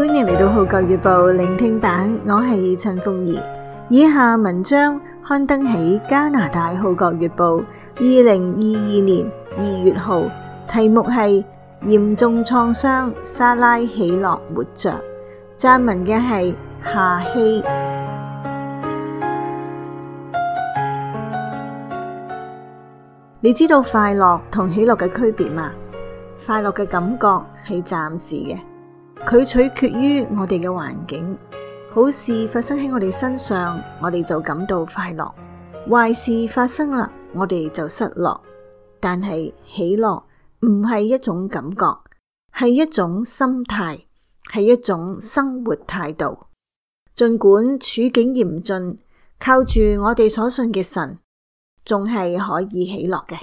歡迎嚟到《號角月報》聆聽版，我係陳鳳儀。以下文章刊登喺加拿大《號角月報》二零二二年二月號，題目係《嚴重創傷》，莎拉喜樂活着。撰文嘅係夏希。你知道快樂同喜樂嘅區別嗎？快樂嘅感覺係暫時嘅。佢取決於我哋嘅環境，好事發生喺我哋身上，我哋就感到快樂；壞事發生啦，我哋就失落。但係喜樂唔係一種感覺，係一種心態，係一種生活態度。盡管處境嚴峻，靠住我哋所信嘅神，仲係可以喜樂嘅。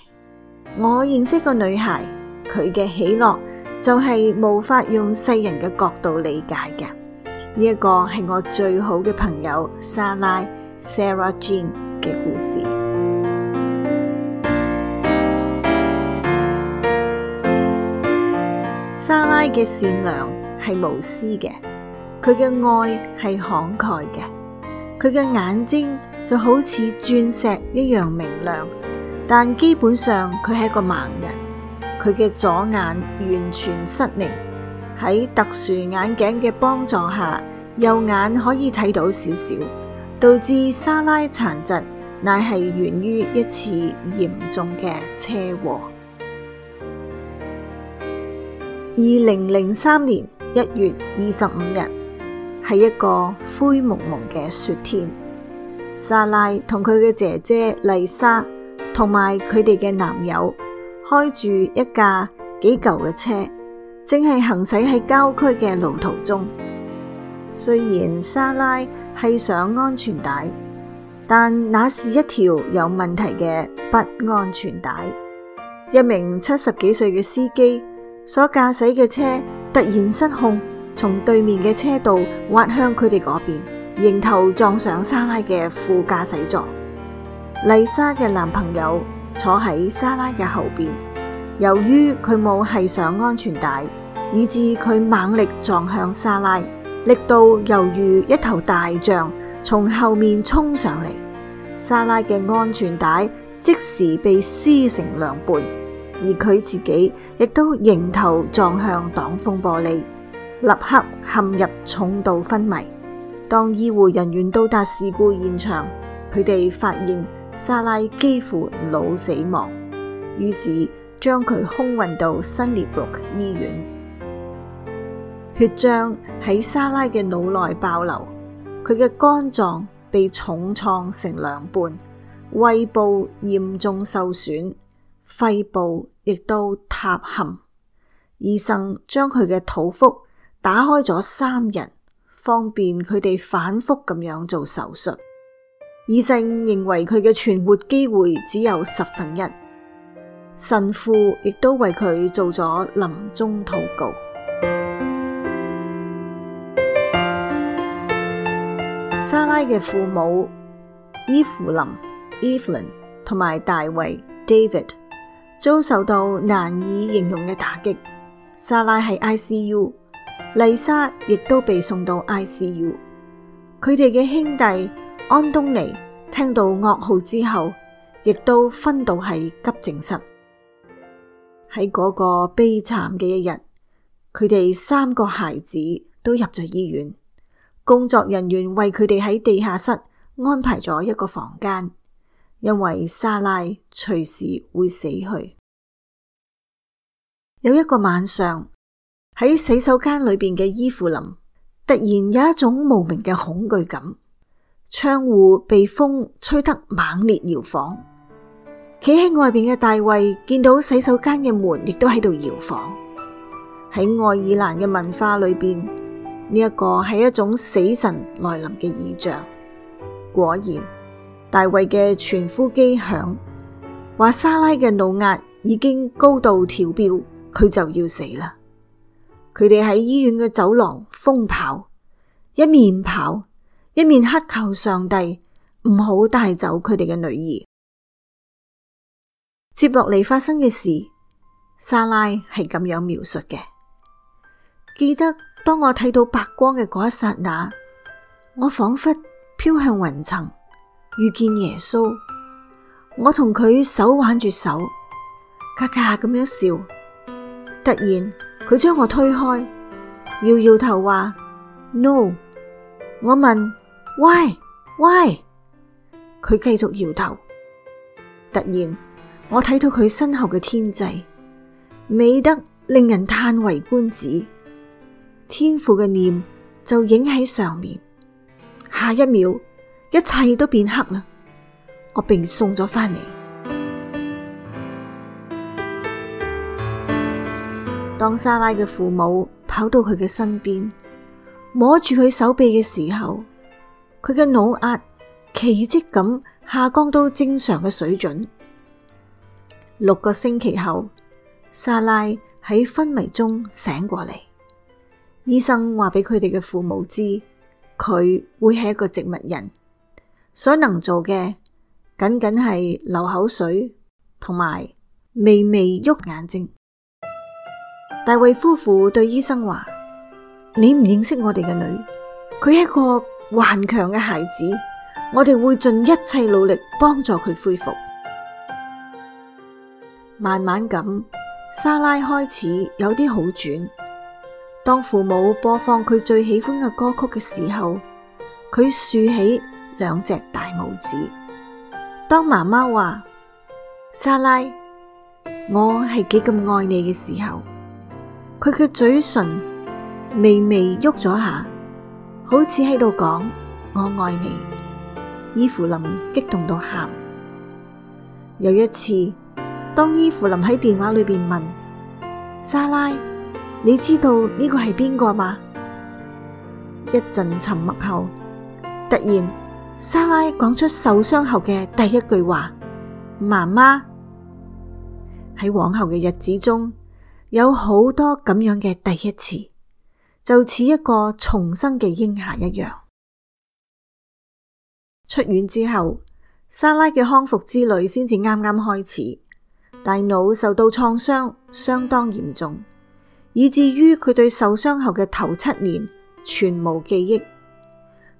我認識個女孩，佢嘅喜樂，就係無法用世人嘅角度理解嘅，呢一個係我最好嘅朋友莎拉 Sarah Ginn 嘅故事。莎拉嘅善良係無私嘅，佢嘅愛係慷慨嘅，佢嘅眼睛就好似鑽石一樣明亮，但基本上佢係一個盲人。佢嘅左眼完全失明，喺特殊眼鏡嘅幫助下，右眼可以睇到少少。導致莎拉殘疾，乃係源於一次嚴重嘅車禍。二零零三年一月二十五日，係一個灰蒙蒙嘅雪天，莎拉同佢嘅姐姐麗莎同埋佢哋嘅男友。開住一架幾舊嘅車，正係行駛喺郊區嘅路途中。雖然莎拉係上安全帶，但那是一條有問題嘅不安全帶。一名七十幾歲嘅司機所駕駛嘅車突然失控，從對面嘅車道滑向佢哋嗰邊，迎頭撞上莎拉嘅副駕駛座。麗莎嘅男朋友。坐喺莎拉嘅後邊，由於佢冇係上安全帶，以致佢猛力撞向莎拉，力度猶如一頭大象從後面衝上嚟。莎拉嘅安全帶即時被撕成兩半，而佢自己亦都迎頭撞向擋風玻璃，立刻陷入重度昏迷。當醫護人員到達事故現場，佢哋發現。莎拉幾乎腦死亡，於是將佢空運到新列鹿醫院。血漿喺莎拉嘅腦內爆流，佢嘅肝臟被重創成兩半，胃部嚴重受損，肺部亦都塌陷。醫生將佢嘅肚腹打開咗三日，方便佢哋反覆咁樣做手術。醫生認為佢嘅存活機會只有十分一，神父亦都為佢做咗臨終禱告。莎 拉嘅父母伊芙琳 （Evelyn） 同埋大衛 （David） 遭受到難以形容嘅打擊。沙拉在 ICU，莎拉喺 ICU，麗莎亦都被送到 ICU，佢哋嘅兄弟。安東尼聽到噩耗之後，亦都昏倒喺急症室。喺嗰個悲慘嘅一日，佢哋三個孩子都入咗醫院。工作人員為佢哋喺地下室安排咗一個房間，因為莎拉隨時會死去。有一個晚上喺洗手間裏邊嘅伊芙琳，突然有一種無名嘅恐懼感。窗戶被風吹得猛烈搖晃，企喺外邊嘅大衛見到洗手間嘅門亦都喺度搖晃。喺愛爾蘭嘅文化裏邊，呢一個係一種死神來臨嘅異象。果然，大衛嘅傳呼機響，話莎拉嘅腦壓已經高到跳標，佢就要死啦。佢哋喺醫院嘅走廊瘋跑，一面跑。一面乞求上帝唔好帶走佢哋嘅女兒。接落嚟發生嘅事，莎拉係咁樣描述嘅。記得當我睇到白光嘅嗰一剎那，我仿佛飄向雲層，遇見耶穌。我同佢手挽住手，咔咔咁樣笑。突然佢將我推開，搖搖頭話：No。我問。喂喂，佢繼續搖頭。突然，我睇到佢身後嘅天際，美得令人嘆為觀止。天父嘅臉就影喺上面。下一秒，一切都變黑啦。我並送咗返嚟。當莎拉嘅父母跑到佢嘅身邊，摸住佢手臂嘅時候，佢嘅腦壓奇蹟咁下降到正常嘅水準。六個星期後，莎拉喺昏迷中醒過嚟。醫生話俾佢哋嘅父母知，佢會係一個植物人，所能做嘅僅僅係流口水同埋微微喐眼睛。大衛夫婦對醫生話：你唔認識我哋嘅女，佢係一個，頑強嘅孩子，我哋會盡一切努力幫助佢恢復。慢慢咁，莎拉開始有啲好轉。當父母播放佢最喜歡嘅歌曲嘅時候，佢豎起兩隻大拇指。當媽媽話：莎拉，我係幾咁愛你嘅時候，佢嘅嘴唇微微喐咗下。好似喺度講我愛你，伊芙琳激動到喊。有一次，當伊芙琳喺電話裏邊問莎拉，你知道呢個係邊個嗎？一陣沉默後，突然莎拉講出受傷後嘅第一句話，媽媽。喺往後嘅日子中，有好多咁樣嘅第一次。就似一個重生嘅嬰孩一樣。出院之後，莎拉嘅康復之旅先至啱啱開始。大腦受到創傷相當嚴重，以至於佢對受傷後嘅頭七年全無記憶。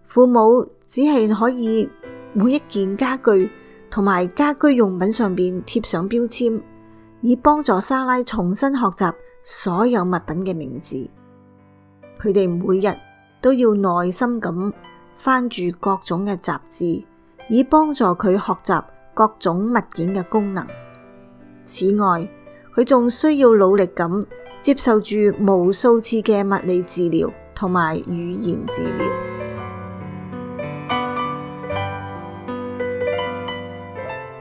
父母只係可以每一件家具同埋家居用品上邊貼上標籤，以幫助莎拉重新學習所有物品嘅名字。佢哋每日都要耐心咁翻住各種嘅雜誌，以幫助佢學習各種物件嘅功能。此外，佢仲需要努力咁接受住無數次嘅物理治療同埋語言治療。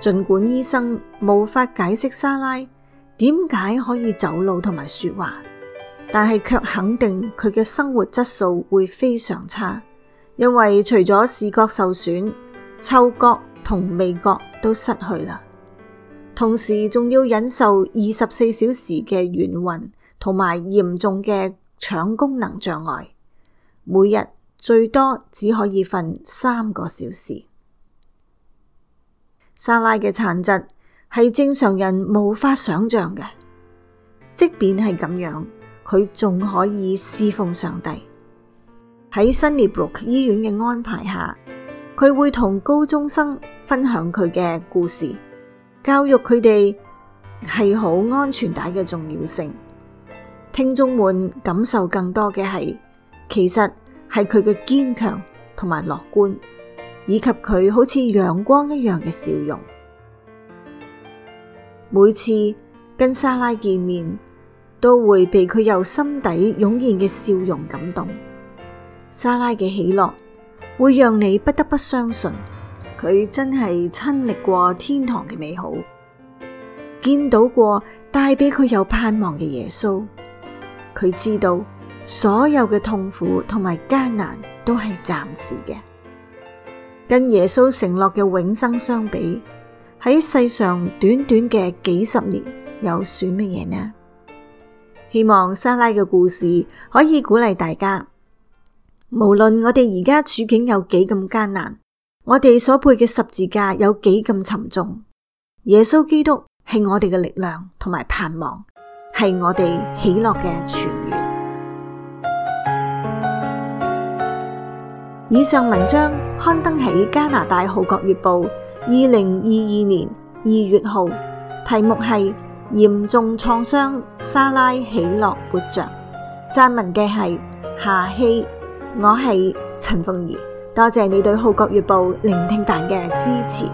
儘管醫生無法解釋莎拉點解可以走路同埋說話。但係，卻肯定佢嘅生活質素會非常差，因為除咗視覺受損，嗅覺同味覺都失去啦，同時仲要忍受二十四小時嘅眩暈，同埋嚴重嘅腸功能障礙，每日最多只可以瞓三個小時。莎拉嘅殘疾係正常人無法想象嘅，即便係咁樣。佢仲可以侍奉上帝。喺 Sunnybrook 醫院嘅安排下，佢會同高中生分享佢嘅故事，教育佢哋繫好安全帶嘅重要性。聽眾們感受更多嘅係，其實係佢嘅堅強同埋樂觀，以及佢好似陽光一樣嘅笑容。每次跟莎拉見面，都會被佢由心底湧現嘅笑容感動。莎拉嘅喜樂，會讓你不得不相信佢真係親歷過天堂嘅美好，見到過帶俾佢有盼望嘅耶穌。佢知道所有嘅痛苦同埋艱難都係暫時嘅，跟耶穌承諾嘅永生相比，喺世上短短嘅幾十年又算乜嘢呢？希望莎拉嘅故事可以鼓勵大家，無論我哋而家處境有幾咁艱難，我哋所背嘅十字架有幾咁沉重，耶穌基督係我哋嘅力量同埋盼望，係我哋喜樂嘅泉源。以上文章刊登喺加拿大《號角月報》二零二二年二月號，題目係。嚴重創傷，莎拉喜樂活着。撰文嘅係夏希，我係陳鳳儀。多謝你對《號角月報聆聽版》嘅支持。